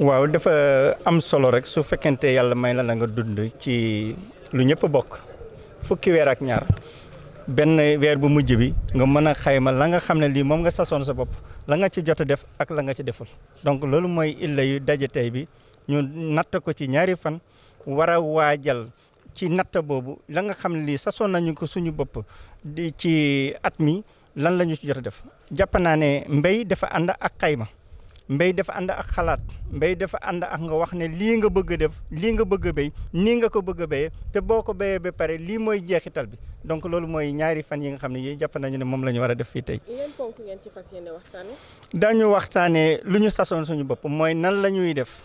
waaw dafa am solo rek su fekkente yàlla may la na nga dund ci lu ñëpp bokk fukki weer ak ñaar benn weer bu mujj bi nga mën a xayma la nga xam ne lii moom nga sasoon sa bopp la nga ci jot a def ak la nga ci deful donc loolu mooy illa daje tey bi ñu natt ko ci ñaari fan war a waajal ci natt boobu la nga xam ne lii sasoon nañu ko suñu bopp di ci at mi lan la ñu ci jot a def jàpp naa ne mbéy dafa ànd ak xayma mbéy dafa ànd ak xalaat mbéy dafa ànd ak nga wax ne lii nga bëgg a def lii nga bëgg a béy nii nga ko bëgg a béyee te boo ko béyee ba pare lii mooy jeexital bi donc loolu mooy ñaari fan yi nga xam ne yii jàpp nañu ne moom la war a def fii tey. yéen waxtaanee. lu ñu sasoon suñu bopp mooy nan la ñuy def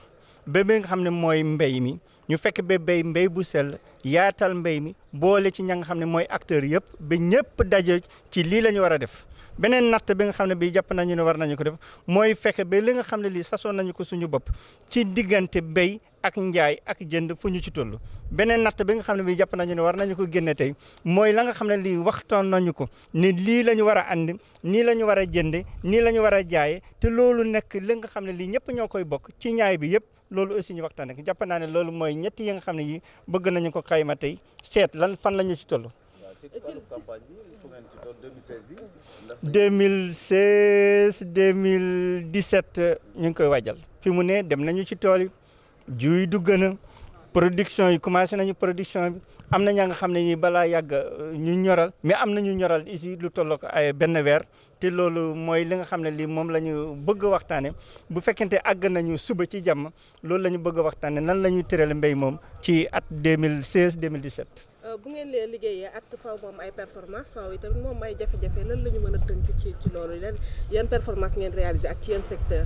ba bi nga xam ne mooy mbéy mi ñu fekk be béy mbéy bu sell yaatal mbéy mi boole ci ña nga xam ne mooy acteurs yëpp ba ñëpp daje ci lii la ñu war a def beneen natt bi nga xam ne bii jàpp nañu ne war nañu ko def mooy fexe ba li nga xam ne lii sasoon nañu ko suñu bopp ci diggante béy ak njaay ak jënd fu ñu ci toll beneen natt bi nga xam ne bi jàpp nañu ne war nañu ko génne tey mooy la nga xam ne lii waxtaan nañu ko ni lii la ñu war a ànd nii la ñu war a jënd nii la ñu war a jaayee te loolu nekk li nga xam ne lii ñëpp ñoo koy bokk ci ñaay bi yëpp loolu aussi ñu waxtaan ak jàpp naa ne loolu mooy ñetti yi nga xam ne yi bëgg nañu ko xayma tey seet lan fan la ñu ci toll 2016 2017 ñu ngi koy waajal fi mu ne dem nañu ci tool yi juy production yi commencé nañu production bi am na ña nga xam ne ñi balaa yàgg euh, ñu ñoral mais am na ñu ñoral ici lu tolloo ay benn weer te loolu mooy li nga xam ne lii moom la ñu bëgg a waxtaane bu fekkente àgg nañu suba ci jàmm loolu la ñu bëgg a waxtaane nan la ñuy tëral mbéy moom ci at 2016 2017 euh, bu ngeen lee liggéeyee at faaw moom ay performance faaw yi tamit moom ay jafe-jafe lan la ñu mën a tënk ci ci loolu yan yan performance ngeen réaliser ak ci yan secteur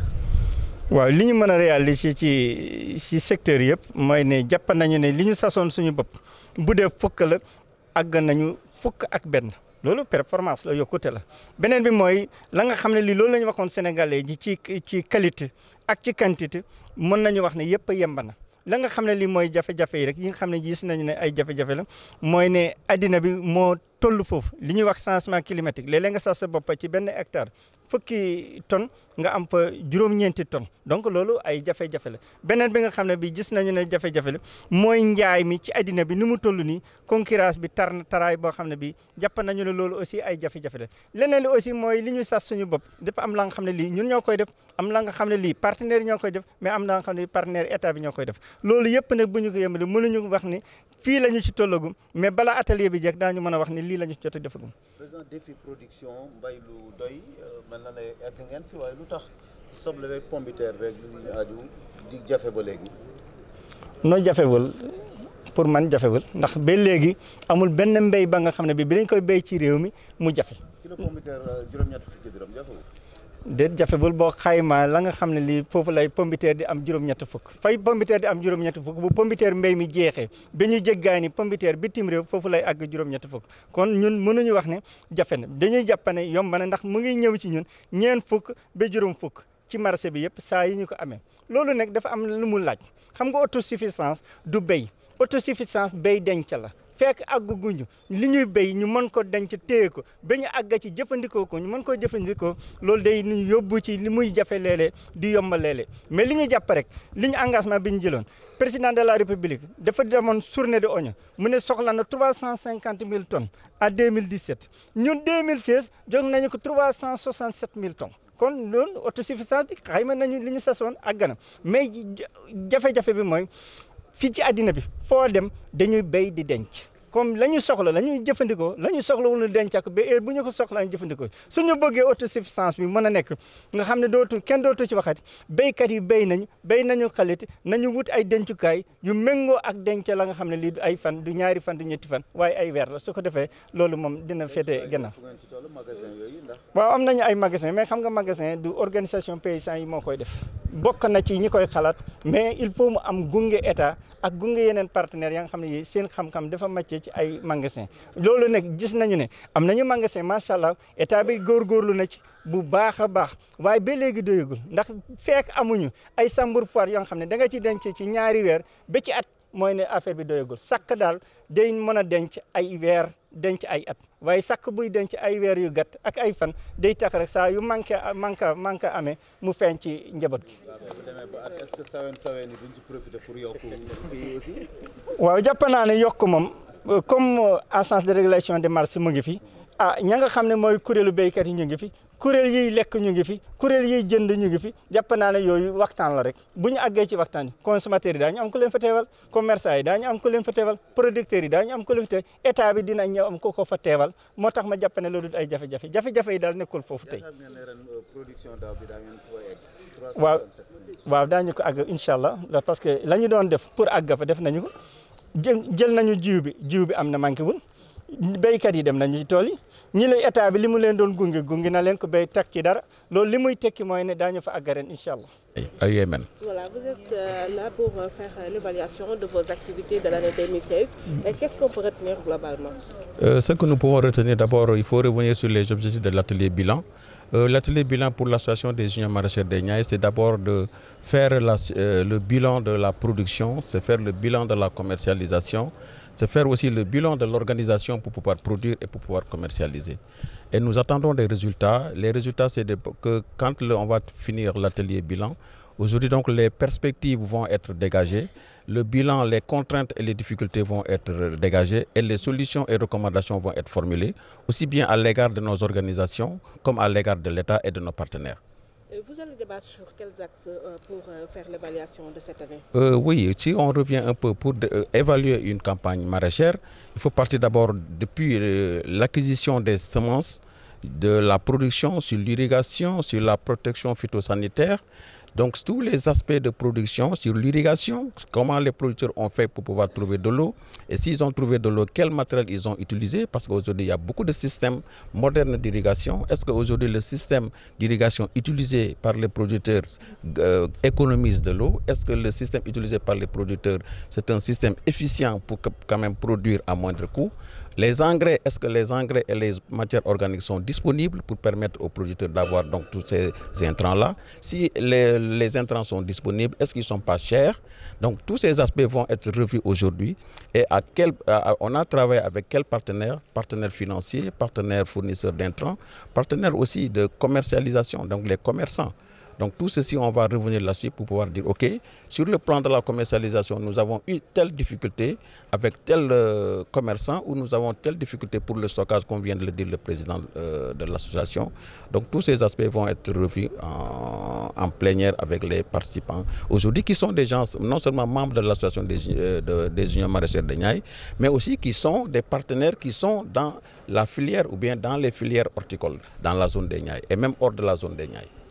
waaw li ñu mën a réaliser ci ci secteur yëpp mooy ne jàpp nañu ne li ñu sasoon suñu bopp bu dee fukk la àgg nañu fukk ak benn loolu performance la yokkute la beneen bi mooy la nga xam ne li loolu la ñu waxoon sénégalais ji ci ci qualité ak ci quantité mën nañu wax ne yëpp a na la nga xam ne lii mooy jafe-jafe yi rek yi nga xam ne gis nañu ne ay jafe-jafe la mooy ne addina bi moo toll foofu li ñuy wax changement climatique léeg-léeg nga sax sa bopp ci benn hectare fukki tonne nga am fa juróom-ñeenti tonne donc loolu ay jafe-jafe la beneen bi nga xam ne bi gis nañu ne jafe-jafe la mooy njaay mi ci addina bi ni mu toll nii concurrence bi tar na taraay boo xam ne bi jàpp nañu ne loolu aussi ay jafe-jafe la leneen li aussi mooy li ñu sas suñu bopp dafa am la nga xam ne li ñun ñoo koy def am la nga xam ne lii partenaire ñoo koy def mais am la nga xam ne partenaire état bi ñoo koy def loolu yëpp ko yëmale mënuñu wax ni fii la ñu ci tollagum mais bala atelier bi jeex daañu mën a wax ni lii lañu ñu jot a defagum. président défi production mbay lu doy euh, mel na ne egg ngeen si waaye lu tax soble rek pombiteer rek lu ñu aju di jafe ba léegi. noo jafewul pour man jafewul ndax ba léegi amul benn mbey ba nga xam ne bi bi lañ koy béy ci réew mi mu jafe. kilo pombiteer euh, juróom-ñett fukki dërëm jafewul. déet jafewul boo xaymaa la nga xam ne lii foofu lay pombiteer di am juróom-ñett fukk fay pombiteer di am juróom-ñett fukk bu pombiteer mbéy mi jeexee ba ñu jéggaani ni pombiteer bitim réew foofu lay àgg juróom-ñett fukk kon ñun mënuñu wax ne jafe na dañuy jàpp ne yomb na ndax mu ngi ñëw ci ñun ñeen fukk be juróom fukk ci marché bi yëpp saa yi ñu ko amee loolu nag dafa am lu mu laaj xam nga autosuffisance du béy autosuffisance béy denc la fekk àgguguñu li ñuy béy ñu mën ko denc téye ko ba ñu àgga ci jëfandikoo ko ñu mën koo jëfandikoo loolu day ñu yóbbu ci li muy jafe léeg di yomba léeg-léeg mais li ñu jàpp rek li ñu engagement bi ñu jëloon président de la république dafa demoon journée de oignon mu ne soxla na trois cent cinquante mille ton à deux mille dix sept ñun deux mille seize jóg nañu ko trois cent soixante sept mille tonnes. kon loolu autosuffisance bi xayma nañu li ñu sasoon aggana ganam mais jafe-jafe bi mooy fii ci àddina bi foo dem dañuy béy di denc comme la ñu soxla la ñuy jëfandikoo la ñu soxla wul denc ak ba heure bu ñu ko soxlaa ñu jëfandikoo suñu bëggee autosuffisance bi mën a nekk nga xam ne dootu kenn dootu ci waxati béykat yi béy nañu béy nañu xalit nañu wuti ay dencukaay yu méngoo ak denc la nga xam ne lii du ay fan du ñaari fan du ñetti fan waaye ay weer la su ko defee loolu moom dina féete gannaaw waaw am nañu ay magasin mais xam nga magasin du organisation paysan yi moo koy def bokk na ci ñi koy xalaat mais il faut mu am gunge état ak gunge yeneen partenaires ya nga xam ne yi seen xam dafa màcc jëlee ci ay magasin loolu nag gis nañu ne am nañu magasin macha allah état bi góorgóorlu na ci bu baax a baax waaye ba léegi doyagul ndax fekk amuñu ay sambur foire yoo xam ne da nga ci denc ci ñaari weer ba ci at mooy ne affaire bi doyagul sakk daal day mën a denc ay weer denc ay at waaye sakk buy denc ay weer yu gàtt ak ay fan day tax rek saa yu manqué manqué manqué amee mu feeñ ci njaboot gi. waaw jàpp naa yokk moom Euh, comme instance euh, de régulation des marchés mu ngi fi a ah, ña nga xam ne mooy kuréelu béykat yi ñu ngi fi kuréel yiy lekk ñu ngi fi kuréel yiy jënd ñu ngi fi jàpp naa ne yooyu waxtaan la rek bu ñu àggee ci waxtaan yi daa yi daañu am ku leen fa teewal yi daañu am ku leen fa yi daañu am ku leen fa état bi dina ñëw am ku ko fa teewal moo tax ma jàpp ne loolu ay jafe-jafe jafe-jafe yi daal nekkul foofu tey. Euh, waaw waaw daañu ko àgg incha allah parce que la ñu doon def pour àgg fa def nañu jël jël nañu jiw bi jiw bi am na manqué wul béykat yi dem nañu tool yi ñi lay état bi li mu leen doon gunge gunge na leen ko béy teg ci dara loolu li muy tekki mooy ne daañu fa àgg ren incha allah. ay Yémen. voilà vous êtes euh, là pour euh, faire euh, l'évaluation de vos activités de l'année 2016. et qu'est-ce qu'on peut retenir globalement. Euh, ce que nous pouvons retenir d'abord bilan. Euh, L'atelier bilan pour l'association des juniors maraîchers des Niayes, c'est d'abord de faire la, euh, le bilan de la production, c'est faire le bilan de la commercialisation, c'est faire aussi le bilan de l'organisation pour pouvoir produire et pour pouvoir commercialiser. Et nous attendons des résultats. Les résultats, c'est que quand le, on va finir l'atelier bilan, aujourd'hui, donc, les perspectives vont être dégagées. le bilan, les contraintes et les difficultés vont être dégagées et les solutions et recommandations vont être formulées, aussi bien à l'égard de nos organisations comme à l'égard de l'État et de nos partenaires. Euh, vous allez débattre sur quels axes euh, pour euh, l'évaluation de cette année une campagne maraîchère, il faut partir d'abord depuis l'acquisition des semences, de la production, sur l'irrigation, sur la protection phytosanitaire, Donc tous les aspects de production sur l'irrigation, comment les producteurs ont fait pour pouvoir trouver de l'eau, et s'ils ont trouvé de l'eau, quel matériel ils ont utilisé, parce qu'aujourd'hui il a beaucoup de systèmes modernes d'irrigation. Est-ce qu'aujourd'hui le système d'irrigation utilisé par les producteurs euh, de l'eau? Est-ce que le système utilisé par les producteurs, c'est un système efficient pour quand même Les engrais, et les matières organiques sont disponibles pour permettre aux producteurs d'avoir donc tous ces intrants les intrants sont disponibles, est-ce qu'ils ne sont pas chers Donc tous ces aspects vont être revus aujourd'hui et à quel, à, on a travaillé avec quels partenaires Partenaires financiers, partenaires fournisseurs d'intrants, partenaires aussi de commercialisation, donc les commerçants. Donc tout ceci, on va revenir là-dessus pour pouvoir dire, OK, sur le plan de la commercialisation, nous avons eu telle difficulté avec tel euh, commerçant ou nous avons telle difficulté pour le stockage, qu'on vient de le dire le président euh, de l'association. Donc tous ces aspects vont être revus en, plénière avec les participants aujourd'hui, qui sont des gens non seulement membres de l'association des, euh, de, des unions maraîchères de Niaï, mais aussi qui sont des partenaires qui sont dans la filière ou dans les filières horticoles, dans la zone des de la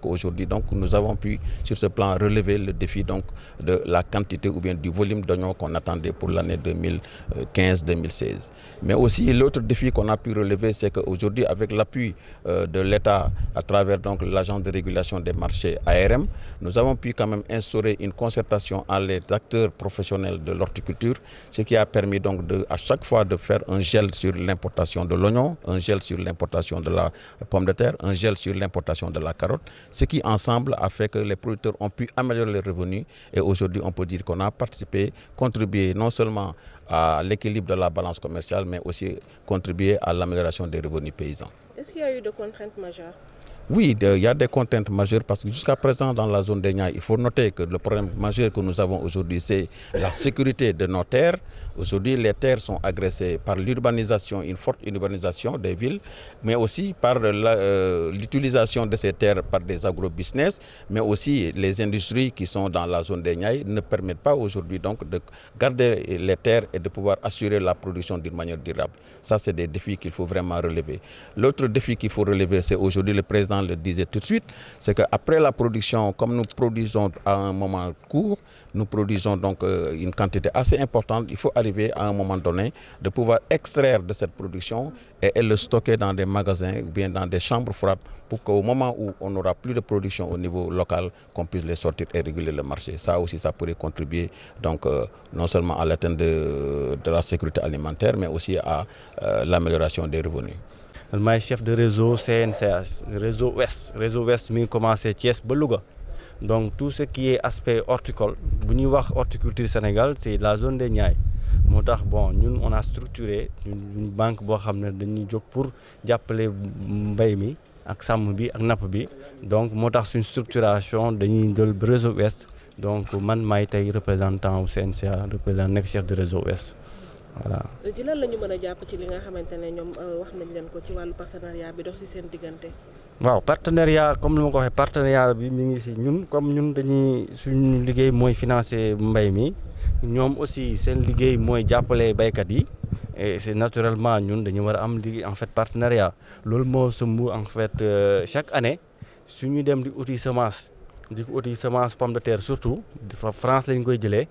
qu'aujourd'hui, donc, nous avons pu, sur ce plan, relever le défi donc, de la quantité ou bien du volume d'oignons qu'on attendait pour l'année 2015-2016. Mais aussi, l'autre défi qu'on a pu relever, c'est qu'aujourd'hui, avec l'appui euh, de l'État à travers donc l'agence de régulation des marchés ARM, nous avons pu quand même instaurer une concertation entre les acteurs professionnels de l'horticulture, ce chaque fois de faire un gel sur l'importation de l'oignon, un gel sur l'importation de la pomme de terre, un gel sur l'importation de la carotte, Ce qui, ensemble, a fait que les producteurs ont pu améliorer les revenus et aujourd'hui, on peut dire qu'on a participé, contribué non seulement à l'équilibre de la balance commerciale, mais aussi contribué à l'amélioration des revenus paysans. a eu de contraintes majeures oui, il y a des contraintes majeures parce que jusqu'à présent, dans la zone d'Egna, il faut noter que le problème majeur que nous avons aujourd'hui, c'est la sécurité de nos terres, Aujourd'hui, les terres sont agressées par l'urbanisation, des villes, mais aussi par euh, l'utilisation de ces terres par des agrobusiness, mais aussi les industries qui sont dans la zone des Niaï ne permettent pas aujourd'hui donc de garder les terres et de pouvoir assurer la production d'une manière durable. Ça, c'est des défis qu'il faut vraiment relever. L'autre défi qu'il faut relever, comme nous produisons donc euh, une quantité assez importante, il faut arriver à un moment donné de pouvoir extraire de cette production et, et le stocker dans des magasins ou bien dans des chambres froides pour qu'au moment où on n'aura plus de production au niveau local, qu'on puisse les sortir et réguler le marché. Ça aussi, ça pourrait contribuer donc euh, non seulement à l'atteinte de, de, la sécurité alimentaire, mais aussi à euh, l'amélioration des revenus. man chef de réseau CNCH réseau ouest réseau ouest mi ngi commencé Thiès ba Louga donc tout ce qui est aspect bu ñuy wax horticulture Sénégal c'est la zone des Niayes moo tax bon ñun on a structuré ñun banque boo xam ne dañuy jóg pour jàppale mbay mi ak sàmm bi ak napp bi donc moo tax suñ structuration dañuy jël réseau ouest donc man maay tey représentant wu CNCA représentant nekk chef de réseau ouest voilà. ci lan la mën a jàpp ci li nga xamante ne ñoom euh, wax nañ leen ko ci wàllu partenariat bi dox ci seen diggante. waaw partenariat comme ni ma ko waxee partenariat bi mu ngi si ñun comme ñun dañuy suñu liggéey mooy financer mbay mi ñoom aussi seen liggéey mooy jàppale baykat yi et c'est naturellement ñun dañu war a am liggéey en fait partenariat loolu moo sëmb en fait euh, chaque année suñu dem di uti semence di ko uti semence pomme de terre surtout France lañ koy jëlee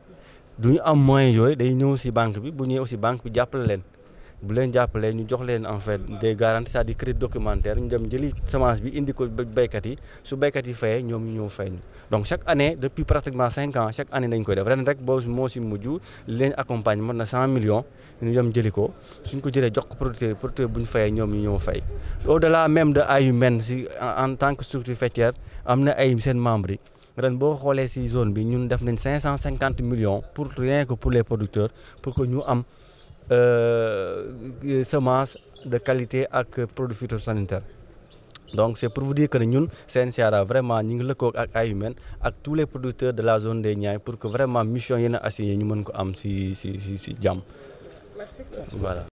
du ñu am moyen yooyu day ñëw si banque bi bu ñëwee aussi banque bi jàppale leen. bu leen jàppalee ñu jox leen en fait des garanties c'est-à-dire crédit documentaire ñu dem jëli semence bi indi ko béykat yi su béykat yi fayee ñoom ñu ñëw fay ñu donc chaque année depuis pratiquement cinq ans chaque année dañ koy def ren rek boo moo ñu dem jëli ko suñ ko jëlee jox ko producteur producteur bu ñu fayee ñoom ñu ñëw fay au delà même de AYUMEN si en tant que structure faîtière am na ay seen membres yi ren boo xoolee si zone bi ñun def nañ cinq cent cinquante millions pour rien Euh, euh, semence de qualité ak produit sanitaire donc c' est pour vous dire que ne ñun CNCRA vraiment ñu ngi lëkkoog ak ay AYUMEN ak tous les producteurs de la zone des Niayes pour que vraiment mission yéen a assigné ñu mën ko am si si si si jàmm.